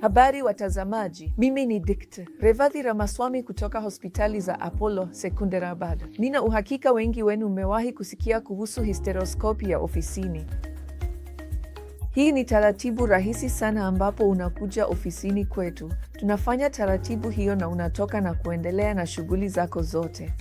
Habari watazamaji, mimi ni Dkt. Revathi Ramaswamy kutoka hospitali za Apollo Secunderabad. Nina uhakika wengi wenu mmewahi kusikia kuhusu histeroskopi ya ofisini. Hii ni taratibu rahisi sana ambapo unakuja ofisini kwetu, tunafanya taratibu hiyo na unatoka na kuendelea na shughuli zako zote.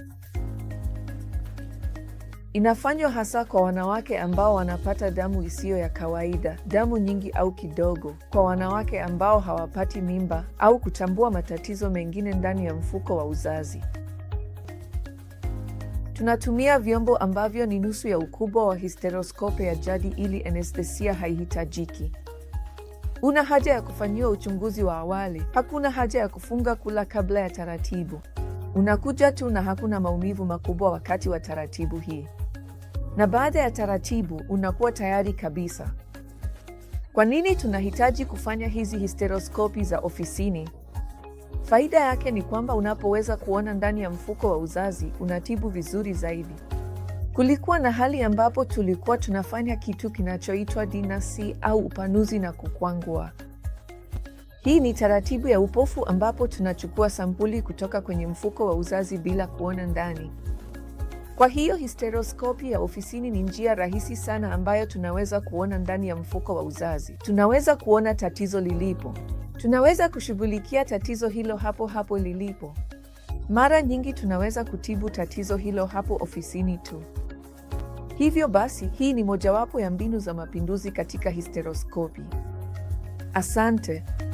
Inafanywa hasa kwa wanawake ambao wanapata damu isiyo ya kawaida, damu nyingi au kidogo, kwa wanawake ambao hawapati mimba au kutambua matatizo mengine ndani ya mfuko wa uzazi. Tunatumia vyombo ambavyo ni nusu ya ukubwa wa histeroskope ya jadi ili anestesia haihitajiki. Una haja ya kufanyiwa uchunguzi wa awali. Hakuna haja ya kufunga kula kabla ya taratibu. Unakuja tu na hakuna maumivu makubwa wakati wa taratibu hii na baada ya taratibu unakuwa tayari kabisa. Kwa nini tunahitaji kufanya hizi histeroskopi za ofisini? Faida yake ni kwamba unapoweza kuona ndani ya mfuko wa uzazi unatibu vizuri zaidi. Kulikuwa na hali ambapo tulikuwa tunafanya kitu kinachoitwa dinasi au upanuzi na kukwangua. Hii ni taratibu ya upofu ambapo tunachukua sampuli kutoka kwenye mfuko wa uzazi bila kuona ndani. Kwa hiyo hysteroscopy ya ofisini ni njia rahisi sana ambayo tunaweza kuona ndani ya mfuko wa uzazi. Tunaweza kuona tatizo lilipo. Tunaweza kushughulikia tatizo hilo hapo hapo lilipo. Mara nyingi tunaweza kutibu tatizo hilo hapo ofisini tu. Hivyo basi, hii ni mojawapo ya mbinu za mapinduzi katika hysteroscopy. Asante.